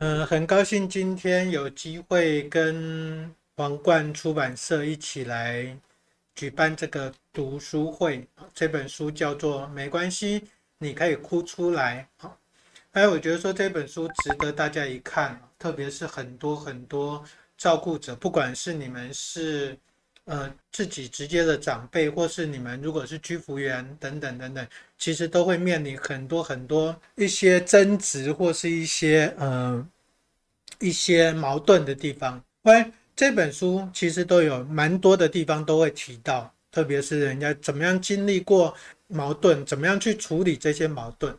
嗯、呃，很高興今天有機會跟皇冠出版社一起來舉辦這個讀書會。這本書叫做《沒關係，你可以哭出來》。好，哎，我覺得說這本書值得大家一看，特別是很多很多照顧者，不管是你們是。呃，自己直接的長輩，或是你們如果是居服員等等等等，其實都會面臨很多很多一些爭執或是一些呃一些矛盾的地方。喂，這本書其實都有蠻多的地方都會提到，特別是人家怎麼樣經歷過矛盾，怎麼樣去處理這些矛盾，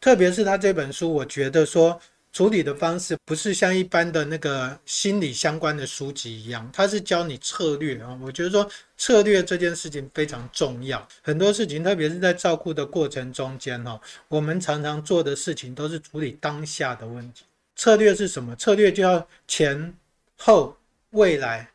特別是他這本書，我覺得說。處理的方式不是像一般的那個心理相關的書籍一樣，它是教你策略啊。我覺得說策略這件事情非常重要，很多事情，特別是在照顧的過程中間哈，我們常常做的事情都是處理當下的問題。策略是什麼？策略就要前、後、未來、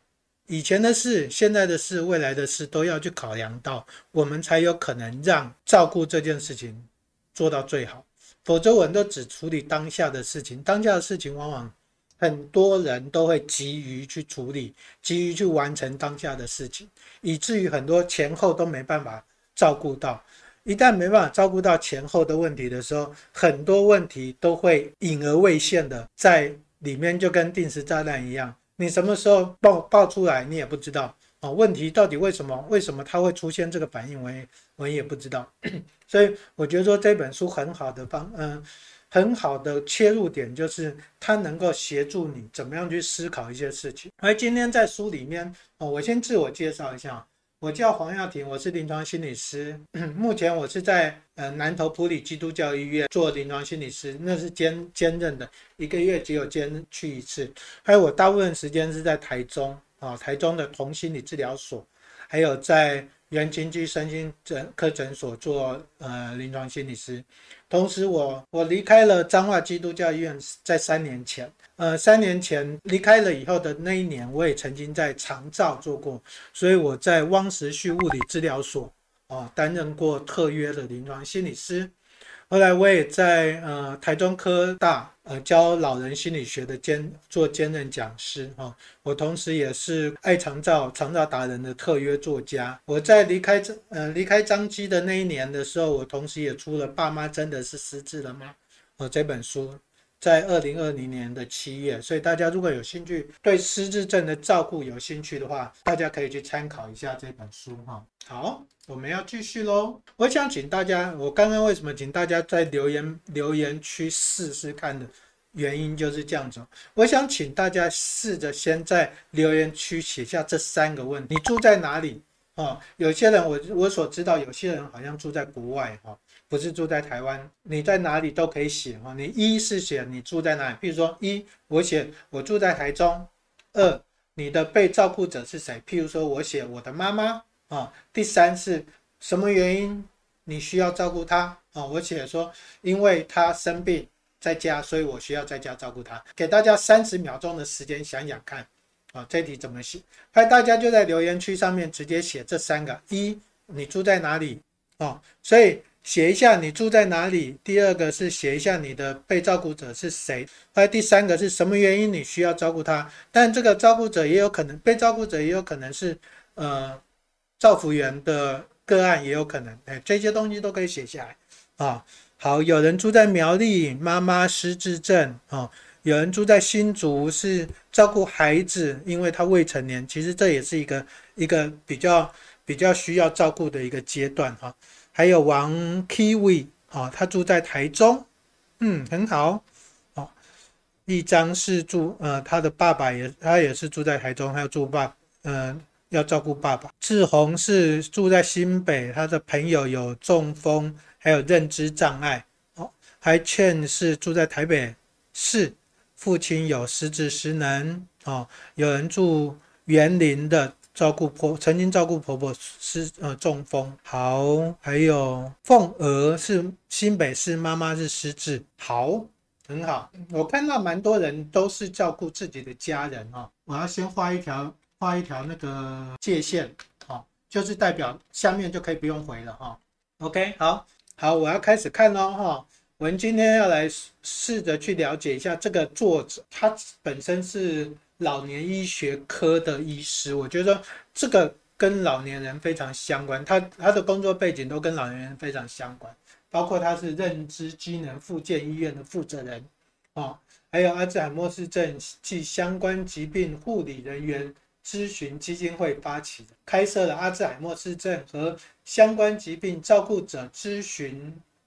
以前的事、現在的事、未來的事都要去考量到，我們才有可能讓照顧這件事情做到最好。否則，我們都只處理當下的事情。當下的事情，往往很多人都會急於去處理，急於去完成當下的事情，以至於很多前後都沒辦法照顧到。一旦沒辦法照顧到前後的問題的時候，很多問題都會隱而未現的在裡面，就跟定時炸彈一樣，你什麼時候爆爆出來，你也不知道。啊、哦，問題到底為什麼？為什麼它會出現這個反應？我也我也不知道。 所以我覺得說這本書很好的方，嗯、呃，很好的切入點就是它能夠協助你怎麼樣去思考一些事情。而今天在書裡面，哦，我先自我介紹一下，我叫黃耀庭，我是臨床心理師。嗯、目前我是在呃南投普里基督教醫院做臨床心理師，那是兼兼任的，一個月只有兼去一次。還有我大部分時間是在台中。啊，台中的同心理治療所，還有在元群居身心診科診所做呃臨床心理師。同時我，我我離開了彰化基督教醫院，在三年前，呃，三年前離開了以後的那一年，我也曾經在長照做過。所以我在汪時旭物理治療所啊、呃、擔任過特約的臨床心理師。後來我也在呃台中科大，呃，教老人心理學的兼做兼任講師啊、哦，我同時也是愛長照長照達人的特約作家。我在離開張呃離開張機的那一年的時候，我同時也出了《爸媽真的是失智了嗎》，哦這本書。在二零二零年的七月，所以大家如果有興趣對失智症的照顧有興趣的話，大家可以去參考一下這本書哈。好，我們要繼續嘍。我想請大家，我剛剛為什麼請大家在留言留言區試試看的原因就是這樣子。我想請大家試着先在留言區寫下這三個問題：你住在哪裡？哦，有些人我我所知道，有些人好像住在國外哈。不是住在台灣，你在哪裡都可以寫哈。你一是寫你住在哪裡，比如說一我寫我住在台中。二你的被照顧者是誰？譬如說我寫我的媽媽啊。第三是什麼原因你需要照顧她啊？我寫說因為她生病在家，所以我需要在家照顧她。給大家三十秒鐘的時間想想看啊、哦，這題怎麼寫？大家就在留言區上面直接寫這三個：一你住在哪裡啊、哦？所以。寫一下你住在哪裡。第二個是寫一下你的被照顧者是誰。哎，第三個是什麼原因你需要照顧他？但這個照顧者也有可能，被照顧者也有可能是，呃，照服員的個案也有可能。哎，這些東西都可以寫下來。啊，好，有人住在苗栗，媽媽失智症啊。有人住在新竹，是照顧孩子，因為他未成年。其實這也是一個一個比較比較需要照顧的一個階段哈。啊還有王 Kiwi，哦，他住在台中，嗯，很好，哦，一張是住，呃，他的爸爸也，他也是住在台中，他要住爸，嗯、呃，要照顧爸爸。志宏是住在新北，他的朋友有中風，還有認知障礙，哦，還勸是住在台北，是父親有失智失能，哦，有人住園林的。照顧婆，曾經照顧婆婆是呃中風，好。還有鳳兒是新北市，媽媽是失智好，很好。我看到蠻多人都是照顧自己的家人哦。我要先畫一條畫一條那個界線好，就是代表下面就可以不用回了哈。OK 好，好，我要開始看嘍哈。我們今天要來試着去了解一下這個作者，他本身是。老年醫學科的醫師，我覺得這個跟老年人非常相關，他他的工作背景都跟老年人非常相關，包括他是認知機能復健醫院的負責人哦，還有阿茲海默氏症及相關疾病護理人員諮詢基金會發起的，開設了阿茲海默氏症和相關疾病照顧者諮詢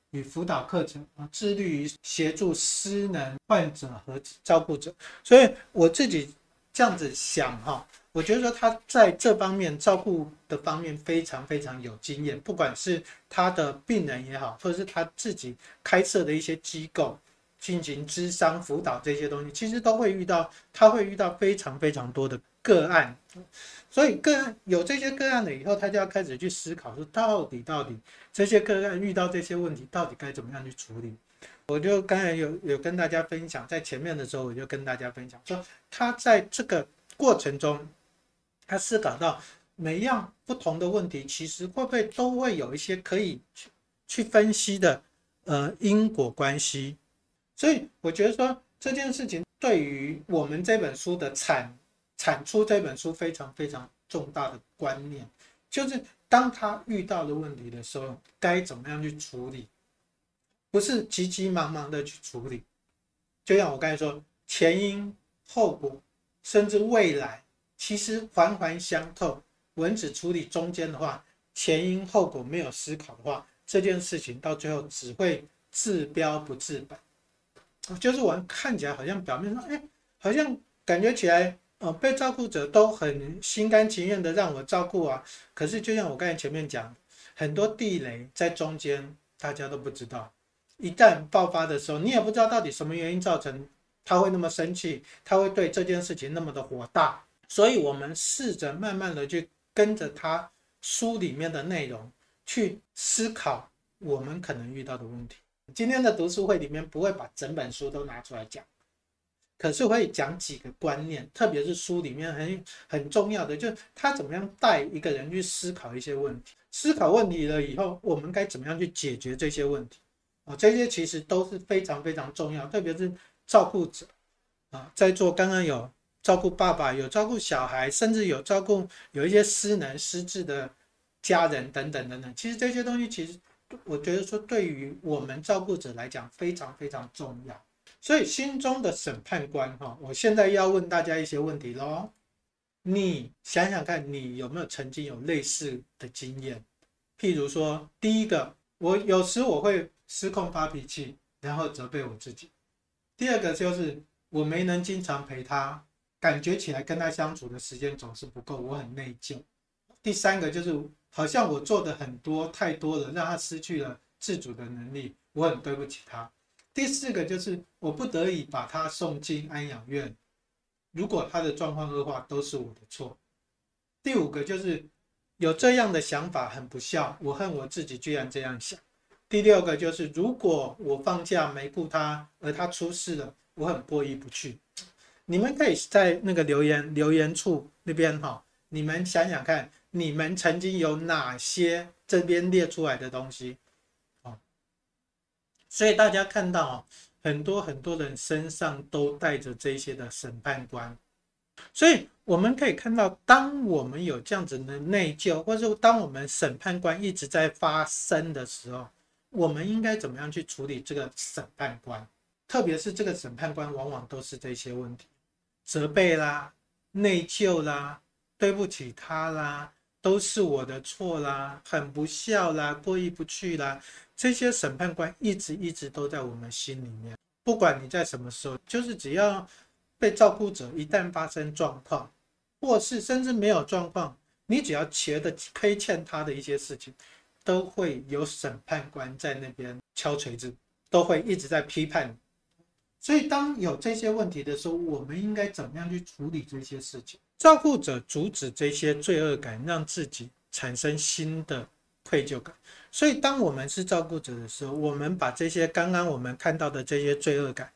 與輔導課程啊，致力於協助失能患者和照顧者，所以我自己。這樣子想哈，我覺得說他在這方面照顧的方面非常非常有經驗，不管是他的病人也好，或者是他自己開設的一些機構進行諮商輔導這些東西，其實都會遇到，他會遇到非常非常多的個案，所以個案有這些個案了以後，他就要開始去思考說，到底到底這些個案遇到這些問題，到底該怎麼樣去處理。我就剛才有有跟大家分享，在前面的時候我就跟大家分享說，他在這個過程中，他思考到每一樣不同的問題，其實會不會都會有一些可以去去分析的呃因果關係。所以我覺得說這件事情對於我們這本書的產產出這本書非常非常重大的觀念，就是當他遇到的問題的時候，該怎麼樣去處理。不是急急忙忙的去處理，就像我剛才說，前因後果，甚至未來，其實環環相扣。文字處理中間的話，前因後果沒有思考的話，這件事情到最後只會治標不治本。就是我們看起來好像表面上，哎，好像感覺起來，呃被照顧者都很心甘情願的讓我照顧啊。可是就像我剛才前面講，很多地雷在中間，大家都不知道。一旦爆發的時候，你也不知道到底什麼原因造成他會那麼生氣。他會對這件事情那麼的火大。所以，我們試着慢慢的去跟着他書裡面的內容，去思考我們可能遇到的問題。今天的讀書會裡面不會把整本書都拿出來講，可是會講幾個觀念，特別是書裡面很很重要的，就是他怎麼樣帶一個人去思考一些問題，思考問題了以後，我們該怎麼樣去解決這些問題。啊，這些其實都是非常非常重要，特別是照顧者啊，在座剛剛有照顧爸爸，有照顧小孩，甚至有照顧有一些失能失智的家人等等等等。其實這些東西，其實我覺得說，對於我們照顧者來講，非常非常重要。所以心中的審判官哈，我現在要問大家一些問題嘍。你想想看，你有沒有曾經有類似的經驗？譬如說，第一個，我有時我會失控發脾氣，然後責備我自己。第二個就是我沒能經常陪他，感覺起來跟他相處的時間總是不夠，我很內疚。第三個就是好像我做的很多太多了，讓他失去了自主的能力，我很對不起他。第四個就是我不得已把他送進安養院，如果他的狀況惡化，都是我的錯。第五個就是有這樣的想法很不孝，我恨我自己居然這樣想。第六個就是，如果我放假沒顧他，而他出事了，我很過意不去。你們可以在那個留言、留言處那邊哈，你們想想看，你們曾經有哪些這邊列出來的東西啊？所以大家看到啊，很多很多人身上都帶着這些的審判官，所以我們可以看到，當我們有這樣子的內疚，或是當我們審判官一直在發聲的時候。我們應該怎麼樣去處理這個審判官？特別是這個審判官，往往都是這些問題：責備啦、內疚啦、對不起他啦、都是我的錯啦、很不孝啦、過意不去啦。這些審判官一直一直都在我們心裡面，不管你在什麼時候，就是只要被照顧者一旦發生狀況，或是甚至沒有狀況，你只要覺得虧欠他的一些事情。都會有審判官在那邊敲錘子，都會一直在批判你，所以當有這些問題的時候，我們應該怎麼樣去處理這些事情？照顧者阻止這些罪惡感，讓自己產生新的愧疚感。所以當我們是照顧者的時候，我們把這些剛剛我們看到的這些罪惡感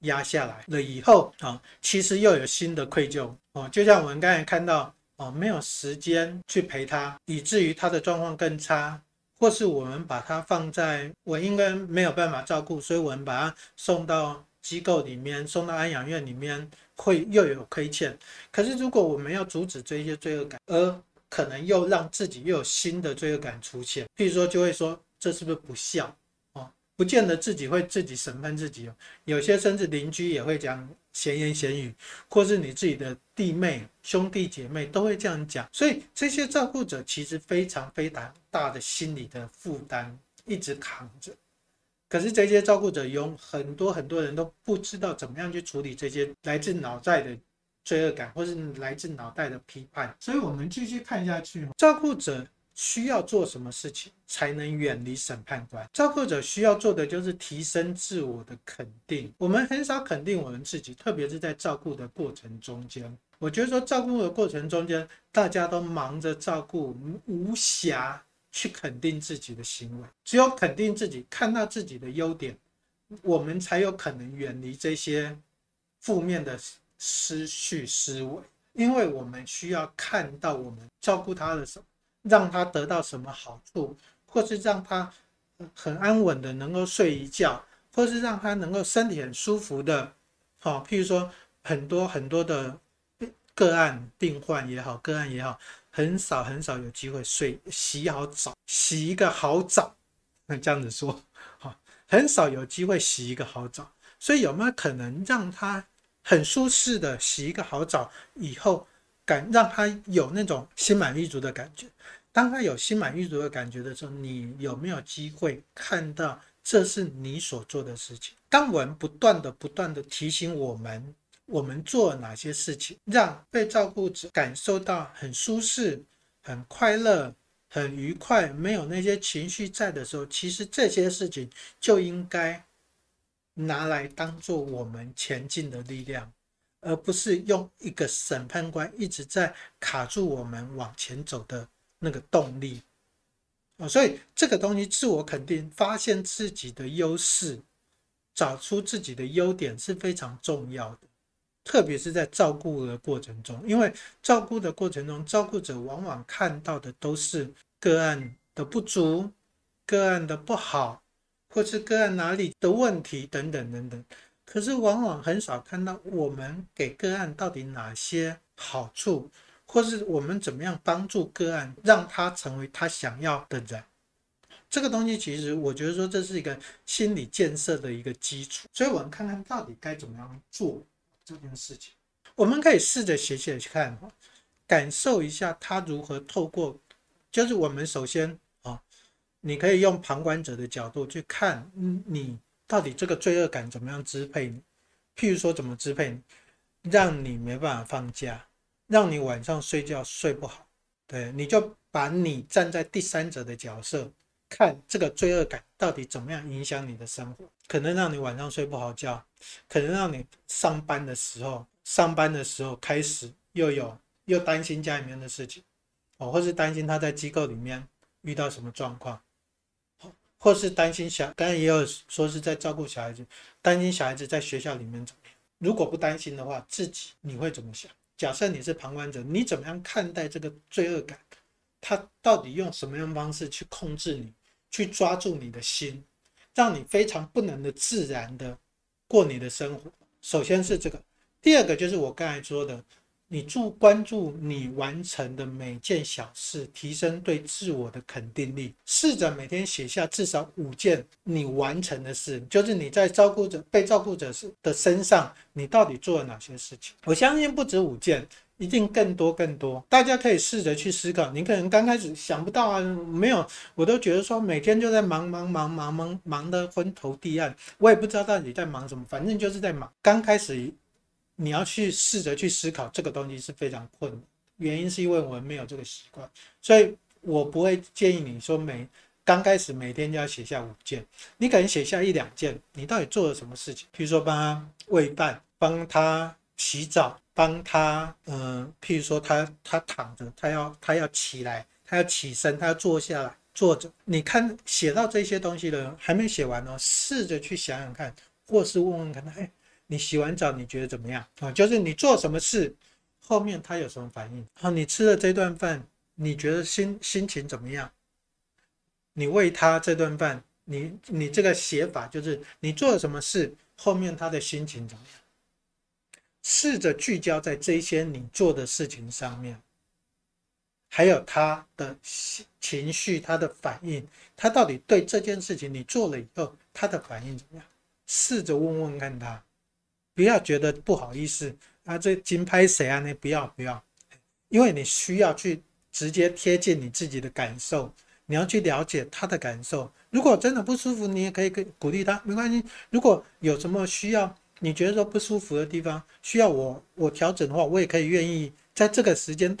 壓下來了以後，啊，其實又有新的愧疚哦，就像我們剛才看到。哦，沒有時間去陪他，以至於他的狀況更差，或是我們把他放在我應該沒有辦法照顧，所以我們把他送到機構裡面，送到安養院裡面，會又有虧欠。可是如果我們要阻止這些罪惡感，而可能又讓自己又有新的罪惡感出現，譬如說就會說這是不是不孝？哦，不見得自己會自己審判自己哦，有些甚至鄰居也會講。閒言閒語，或是你自己的弟妹、兄弟姐妹都會這樣講，所以這些照顧者其實非常非常大的心理的負擔一直扛着。可是這些照顧者有很多很多人都不知道怎麼樣去處理這些來自腦袋的罪惡感，或是來自腦袋的批判。所以我們繼續看下去，照顧者。需要做什麼事情才能遠離審判官？照顧者需要做的就是提升自我的肯定。我們很少肯定我們自己，特別是在照顧的過程中間。我覺得說，照顧的過程中間，大家都忙着照顧，無暇去肯定自己的行為。只有肯定自己，看到自己的優點，我們才有可能遠離這些負面的思緒思維。因為我們需要看到我們照顧他的時候。讓他得到什麼好處，或是讓他很安穩的能夠睡一覺，或是讓他能夠身體很舒服的，好，譬如說很多很多的個案病患也好，個案也好，很少很少有機會睡，洗好澡，洗一個好澡，那這樣子說，好，很少有機會洗一個好澡，所以有沒有可能讓他很舒適的洗一個好澡以後？感讓他有那種心滿意足的感覺。當他有心滿意足的感覺的時候，你有沒有機會看到這是你所做的事情？當我們不斷的、不斷的提醒我們，我們做哪些事情，讓被照顧者感受到很舒適、很快樂、很愉快，沒有那些情緒在的時候，其實這些事情就應該拿來當做我們前進的力量。而不是用一個審判官一直在卡住我們往前走的那個動力啊，所以這個東西自我肯定、發現自己的優勢、找出自己的優點是非常重要的，特別是在照顧的過程中，因為照顧的過程中，照顧者往往看到的都是個案的不足、個案的不好，或是個案哪裡的問題等等等等。可是，往往很少看到我們給個案到底哪些好處，或是我們怎麼樣幫助個案，讓他成為他想要的人。這個東西，其實我覺得說這是一個心理建設的一個基礎。所以，我們看看到底該怎麼樣做這件事情。我們可以試着寫寫去看，感受一下他如何透過，就是我們首先啊，你可以用旁觀者的角度去看你。到底這個罪惡感怎麼樣支配你？譬如說，怎麼支配你？讓你沒辦法放假，讓你晚上睡覺睡不好。對，你就把你站在第三者的角色，看這個罪惡感到底怎麼樣影響你的生活？可能讓你晚上睡不好覺，可能讓你上班的時候，上班的時候開始又有又擔心家裡面的事情，哦，或是擔心他在機構裡面遇到什麼狀況。或是擔心小，剛才也有說是在照顧小孩子，擔心小孩子在學校裡面怎麼樣。如果不擔心的話，自己你會怎麼想？假設你是旁觀者，你怎麼樣看待這個罪惡感？他到底用什麼樣的方式去控制你，去抓住你的心，讓你非常不能的自然的過你的生活？首先是這個，第二個就是我剛才說的。你注關注你完成的每件小事，提升對自我的肯定力。試着每天寫下至少五件你完成的事，就是你在照顧者被照顧者的身上，你到底做了哪些事情？我相信不止五件，一定更多更多。大家可以試着去思考，你可能剛開始想不到啊，沒有，我都覺得說每天就在忙忙忙忙忙忙得昏頭地暗，我也不知道到底在忙什麼，反正就是在忙。剛開始。你要去試着去思考這個東西是非常困難，原因是因為我們沒有這個習慣，所以我不會建議你說每剛開始每天就要寫下五件，你可能寫下一兩件，你到底做了什麼事情？譬如說，幫他餵飯，幫他洗澡，幫他，嗯、呃，譬如說他他躺着，他要他要起來，他要起身，他要坐下來。坐着，你看寫到這些東西人還沒寫完呢，哦，試着去想想看，或是問問看他，哎你洗完澡你覺得怎麼樣啊？就是你做什麼事，後面他有什麼反應？然後你吃了這頓飯，你覺得心心情怎麼樣？你餵他這頓飯，你你這個寫法就是你做了什麼事，後面他的心情怎麼樣？試着聚焦在這些你做的事情上面，還有他的情緒、他的反應，他到底對這件事情你做了以後，他的反應怎麼樣？試着問問看他。不要覺得不好意思，啊，這金拍誰啊？你不要不要，因為你需要去直接貼近你自己的感受，你要去了解他的感受。如果真的不舒服，你也可以給鼓勵他，沒關係。如果有什麼需要，你覺得說不舒服的地方，需要我我調整的話，我也可以願意在這個時間，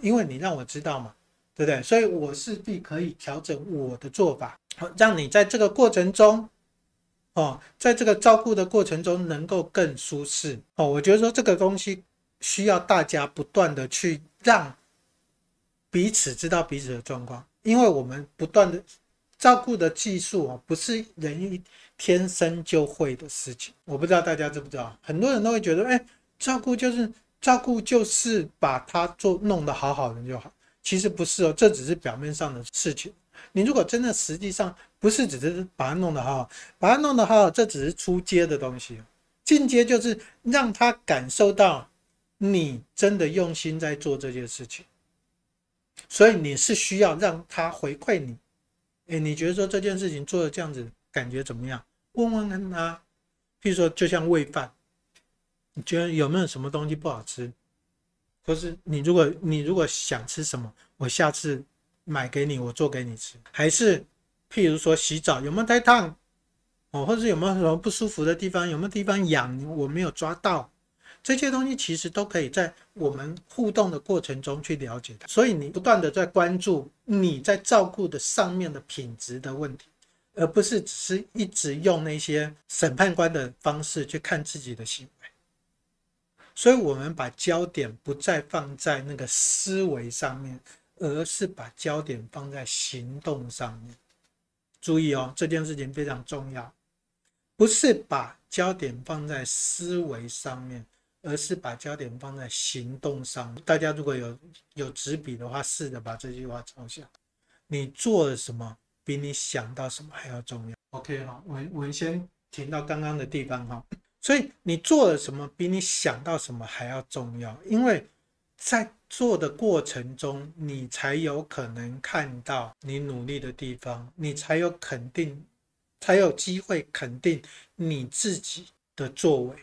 因為你讓我知道嘛，對不對？所以我勢必可以調整我的做法，好，讓你在這個過程中。哦，在這個照顧的過程中，能夠更舒適哦。我覺得說這個東西需要大家不斷的去讓彼此知道彼此的狀況，因為我們不斷的照顧的技術啊，不是人一天生就會的事情。我不知道大家知不知道，很多人都會覺得，哎，照顧就是照顧就是把它做弄得好好的就好，其實不是哦，這只是表面上的事情。你如果真的實際上。不是只是把它弄得好，把它弄得好，這只是初階的東西。進階就是讓他感受到你真的用心在做這件事情，所以你是需要讓他回饋你。哎，你覺得說這件事情做的這樣子，感覺怎麼樣？問問問他，譬如說就像餵飯，你覺得有沒有什麼東西不好吃？或是你如果你如果想吃什麼，我下次買給你，我做給你吃，還是？譬如說洗澡有沒有太燙哦，或者有沒有什麼不舒服的地方，有沒有地方癢，我沒有抓到，這些東西其實都可以在我們互動的過程中去了解它。所以你不斷的在關注你在照顧的上面的品質的問題，而不是只是一直用那些審判官的方式去看自己的行為。所以，我們把焦點不再放在那個思維上面，而是把焦點放在行動上面。注意哦，這件事情非常重要，不是把焦點放在思維上面，而是把焦點放在行動上面。大家如果有有紙筆的話，試着把這句話抄下。你做了什麼，比你想到什麼還要重要。OK，我我先停到剛剛的地方哈。所以你做了什麼，比你想到什麼還要重要，因為在。做的過程中，你才有可能看到你努力的地方，你才有肯定，才有機會肯定你自己的作為，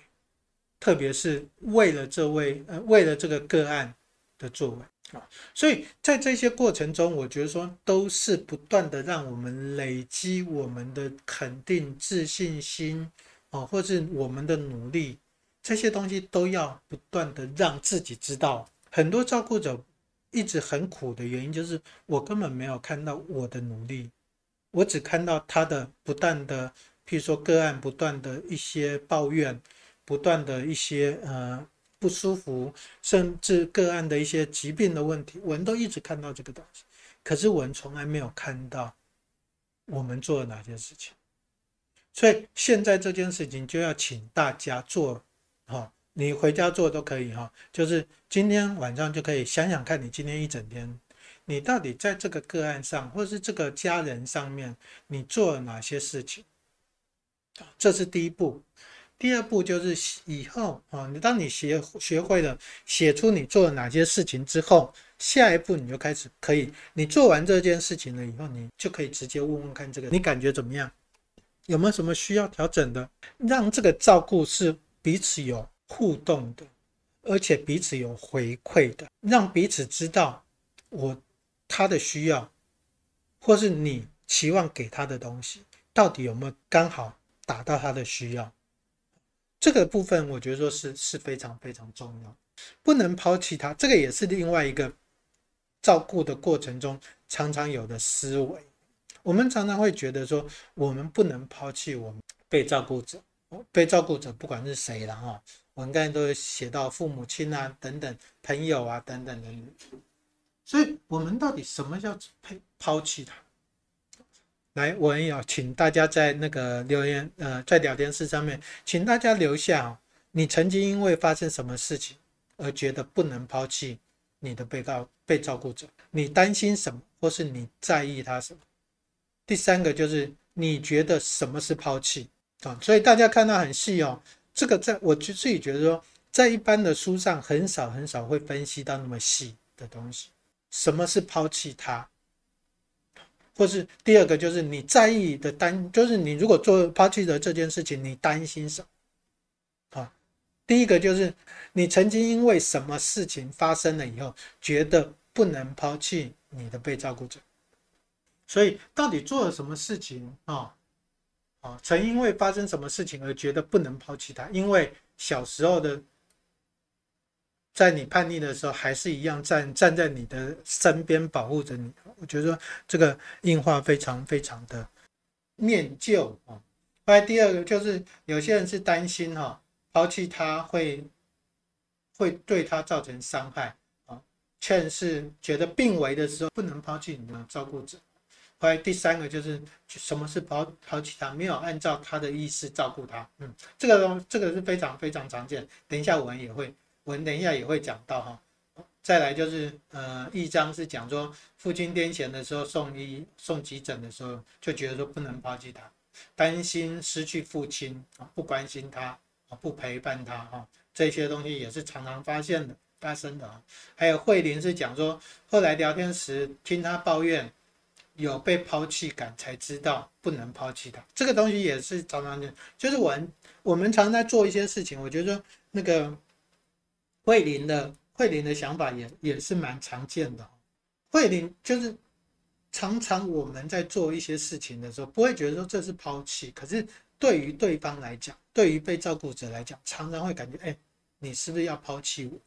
特別是為了這位呃，為了這個個案的作為啊。所以在這些過程中，我覺得說都是不斷的讓我們累積我們的肯定自信心啊，或是我們的努力，這些東西都要不斷的讓自己知道。很多照顧者一直很苦的原因，就是我根本沒有看到我的努力，我只看到他的不斷的，譬如說，個案不斷的一些抱怨，不斷的一些呃不舒服，甚至個案的一些疾病的問題，我們都一直看到這個東西，可是我們從來沒有看到我們做了哪些事情，所以現在這件事情就要請大家做，哈。你回家做都可以哈，就是今天晚上就可以想想看你今天一整天，你到底在這個個案上，或是這個家人上面，你做了哪些事情？這是第一步。第二步就是以後啊，你當你學學會了寫出你做了哪些事情之後，下一步你就開始可以，你做完這件事情了以後，你就可以直接問問看這個你感覺怎麼樣，有沒有什麼需要調整的，讓這個照顧是彼此有。互動的，而且彼此有回饋的，讓彼此知道我他的需要，或是你期望給他的東西，到底有沒有剛好達到他的需要。這個部分我覺得說是是非常非常重要，不能拋棄他。這個也是另外一個照顧的過程中常常有的思維。我們常常會覺得說，我們不能拋棄我們被照顧者，被照顧者不管是誰了哈、啊。我們剛才都寫到父母親啊等等，朋友啊等等等，所以我們到底什麼叫拋拋棄他？來，我要請大家在那個留言呃，在聊天室上面，請大家留下你曾經因為發生什麼事情而覺得不能拋棄你的被告被照顧者，你擔心什麼，或是你在意他什麼？第三個就是你覺得什麼是拋棄啊？所以大家看到很細哦。這個在我就自己覺得說，在一般的書上很少很少會分析到那麼細的東西。什麼是拋棄他？或是第二個就是你在意的擔，就是你如果做拋棄的這件事情，你擔心什麼？啊，第一個就是你曾經因為什麼事情發生了以後，覺得不能拋棄你的被照顧者，所以到底做了什麼事情啊？曾因為發生什麼事情而覺得不能拋棄他，因為小時候的，在你叛逆的時候還是一樣站站在你的身邊保護着你。我覺得這個硬化非常非常的念舊啊、哦。後來第二個就是有些人是擔心哈、哦，拋棄他會會對他造成傷害啊、哦。確實覺得病危的時候不能拋棄你的照顧者。後來第三個就是什麼是拋拋棄他？沒有按照他的意思照顧他，嗯，這個東這個是非常非常常見。等一下我們也會，我們等一下也會講到哈。再來就是呃，一章是講說父親癲癇的時候送醫送急診的時候，就覺得說不能拋棄他，擔心失去父親啊，不關心他啊，不陪伴他哈，這些東西也是常常發現的發生的啊。還有慧玲是講說後來聊天時聽他抱怨。有被拋棄感，才知道不能拋棄他。這個東西也是常常就，就是我們我們常在做一些事情，我覺得說那個慧琳的慧琳的想法也也是蠻常見的。慧琳就是常常我們在做一些事情的時候，不會覺得說這是拋棄，可是對於對方來講，對於被照顧者來講，常常會感覺哎、欸，你是不是要拋棄我？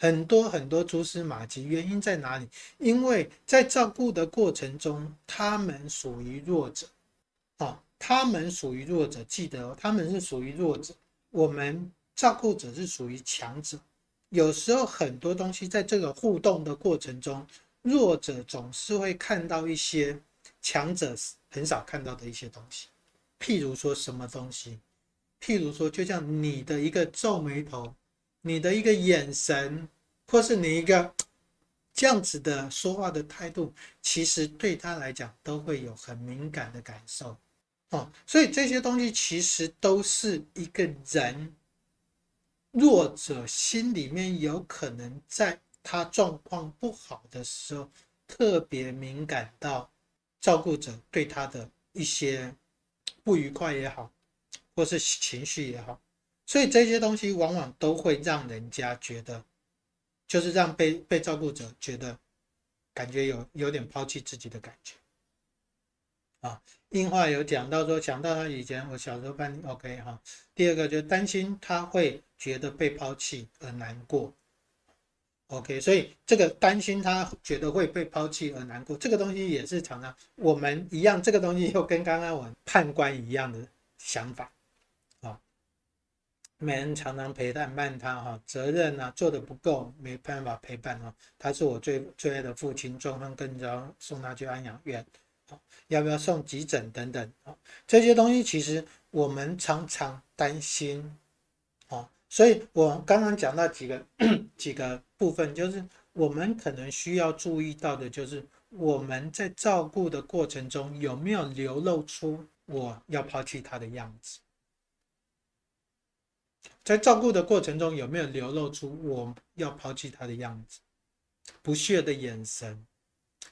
很多很多蛛絲馬跡，原因在哪裡？因為在照顧的過程中，他們屬於弱者，啊、哦，他們屬於弱者。記得哦，他們是屬於弱者，我們照顧者是屬於強者。有時候很多東西在這個互動的過程中，弱者總是會看到一些強者很少看到的一些東西。譬如說什麼東西？譬如說，就像你的一個皺眉頭。你的一個眼神，或是你一個這樣子的說話的態度，其實對他來講都會有很敏感的感受哦，所以這些東西其實都是一個人弱者，心裡面有可能在他狀況不好的時候，特別敏感到照顧者對他的一些不愉快也好，或是情緒也好，所以這些東西往往都會讓人家覺得，就是讓被被照顧者覺得，感覺有有點拋棄自己的感覺。啊，硬話有講到說，講到他以前我小時候辦，OK 哈。第二個就擔心他會覺得被拋棄而難過，OK。所以這個擔心他覺得會被拋棄而難過，這個東西也是常常我們一樣，這個東西又跟剛剛我判官一樣的想法。沒人常常陪伴伴他哈，責任啊，做得不夠，沒辦法陪伴哦。他是我最最愛的父親，狀況跟着送他去安養院，要不要送急診等等。這些東西其實我們常常擔心。所以我剛剛講到幾個幾個部分，就是我們可能需要注意到的，就是我們在照顧的過程中有沒有流露出我要拋棄他的樣子。在照顧的過程中，有沒有流露出我要拋棄他的樣子、不屑的眼神、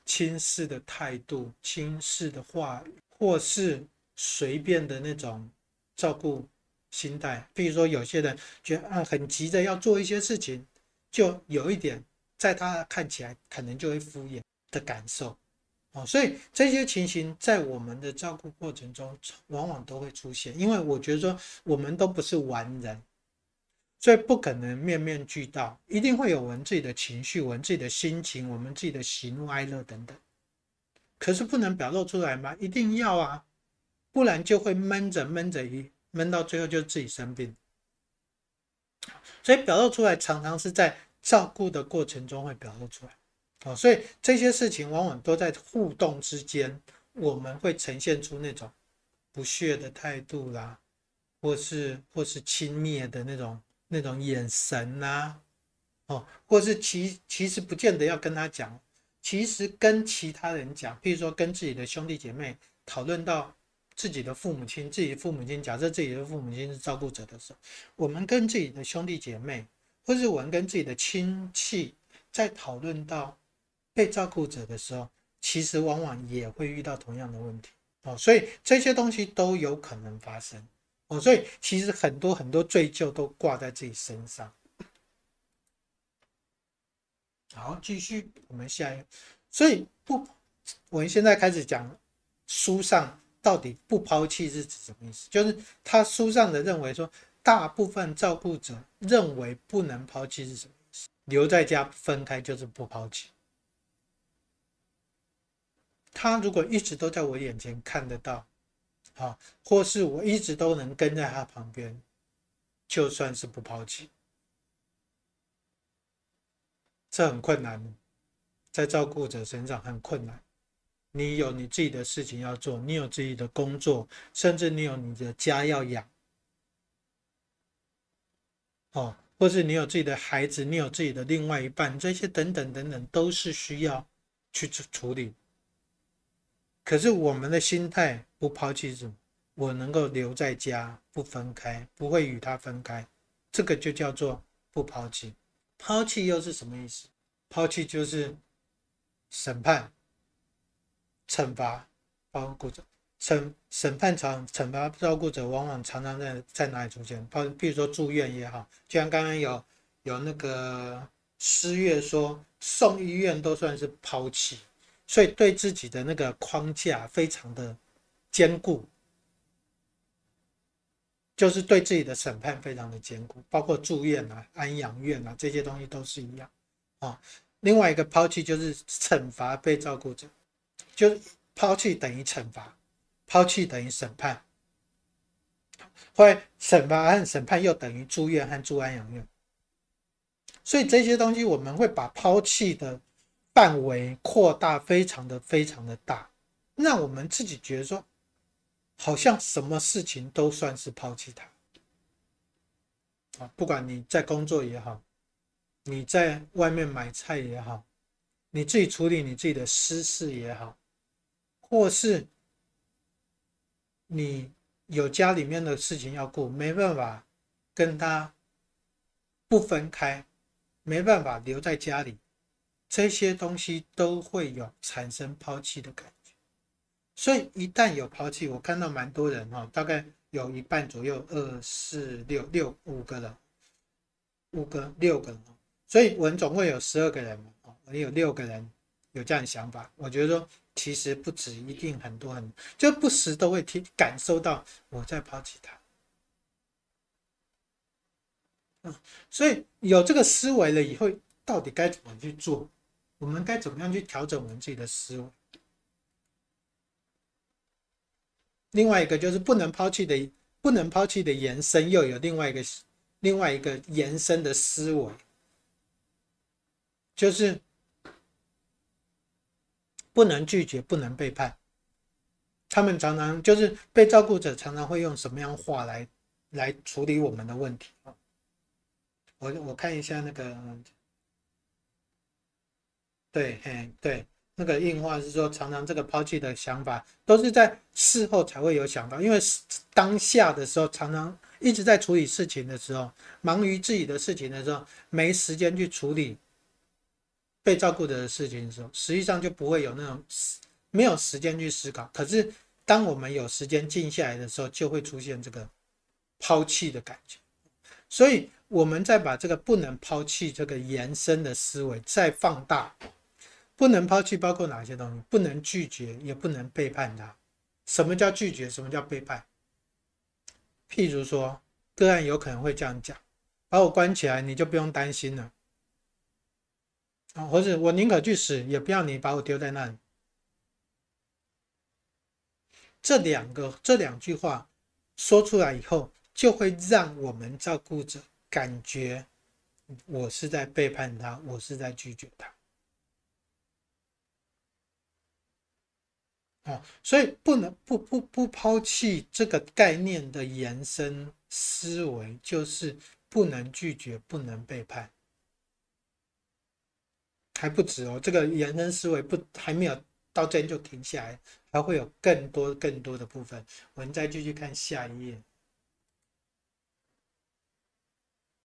輕視的態度、輕視的話語，或是隨便的那種照顧心態？比如說，有些人覺得很急着要做一些事情，就有一點在他看起來可能就會敷衍的感受。哦，所以這些情形在我們的照顧過程中，往往都會出現，因為我覺得說我們都不是完人。所以不可能面面俱到，一定會有我們自己的情緒、我們自己的心情、我們自己的喜怒哀樂等等。可是不能表露出來嗎？一定要啊，不然就會悶着悶着一悶到最後就自己生病。所以表露出來常常是在照顧的過程中會表露出來啊，所以這些事情往往都在互動之間，我們會呈現出那種不屑的態度啦，或是或是輕蔑的那種。那種眼神吶、啊，哦，或是其其實不見得要跟他講，其實跟其他人講，譬如說跟自己的兄弟姐妹討論到自己的父母親，自己父母親，假設自己的父母親是照顧者的時候，我們跟自己的兄弟姐妹，或是我們跟自己的親戚在討論到被照顧者的時候，其實往往也會遇到同樣的問題哦，所以這些東西都有可能發生。哦，所以其實很多很多罪疚都掛在自己身上。好，繼續，我們下一個。所以不，我們現在開始講書上到底不拋棄是指什麼意思？就是他書上的認為說，大部分照顧者認為不能拋棄是什麼意思？留在家分開就是不拋棄。他如果一直都在我眼前看得到。啊，或是我一直都能跟在他旁邊，就算是不拋棄。這很困難，在照顧者身上很困難。你有你自己的事情要做，你有自己的工作，甚至你有你的家要養，哦，或是你有自己的孩子，你有自己的另外一半，這些等等等等，都是需要去處理。可是我們的心態。不拋棄是什麼？我能夠留在家，不分開，不會與他分開，這個就叫做不拋棄。拋棄又是什麼意思？拋棄就是審判、懲罰、包括者審判長懲，懲罰照顧者，往往常常在在哪裡出現？拋，比如說住院也好，就像剛剛有有那個詩月說送醫院都算是拋棄，所以對自己的那個框架非常的。堅固，就是對自己的審判非常的堅固，包括住院啊、安養院啊這些東西都是一樣啊、哦。另外一個拋棄就是懲罰被照顧者，就是拋棄等於懲罰，拋棄等於審判，會懲罰和審判又等於住院和住安養院。所以這些東西我們會把拋棄的範圍擴大，非常的非常的大，讓我們自己覺得說。好像什麼事情都算是拋棄他啊！不管你在工作也好，你在外面買菜也好，你自己處理你自己的私事也好，或是你有家裡面的事情要顧，沒辦法跟他不分開，沒辦法留在家裡，這些東西都會有產生拋棄的感覺。所以一旦有拋棄，我看到蠻多人哈、哦，大概有一半左右，二四六六五個了，五個，五個六個人，所以我們總會有十二個人哦，我們有六個人有這樣的想法，我覺得說其實不止一定很多很，就不時都會聽感受到我在拋棄他，嗯，所以有這個思維了以後，到底該怎麼去做？我們該怎麼樣去調整我們自己的思維？另外一個就是不能拋棄的，不能拋棄的延伸，又有另外一個另外一個延伸的思維，就是不能拒絕，不能背叛。他們常常就是被照顧者常常會用什麼樣話來來處理我們的問題？我我看一下那個，對，嗯，對。那個硬化是說，常常這個拋棄的想法都是在事後才會有想到，因為當下的時候常常一直在處理事情的時候，忙於自己的事情的時候，沒時間去處理被照顧的事情的時候，實際上就不會有那種沒有時間去思考。可是，當我們有時間靜下來的時候，就會出現這個拋棄的感覺。所以，我們再把這個不能拋棄這個延伸的思維再放大。不能拋棄包括哪些東西？不能拒絕，也不能背叛他。什麼叫拒絕？什麼叫背叛？譬如說，個案有可能會這樣講：“把我關起來，你就不用擔心了。”啊，或者我寧可去死，也不要你把我丟在那裡。這兩個這兩句話說出來以後，就會讓我們照顧者感覺我是在背叛他，我是在拒絕他。哦，所以不能不不不拋棄這個概念的延伸思維，就是不能拒絕，不能背叛，還不止哦。這個延伸思維不還沒有到這就停下來，還會有更多更多的部分。我們再繼續看下一頁。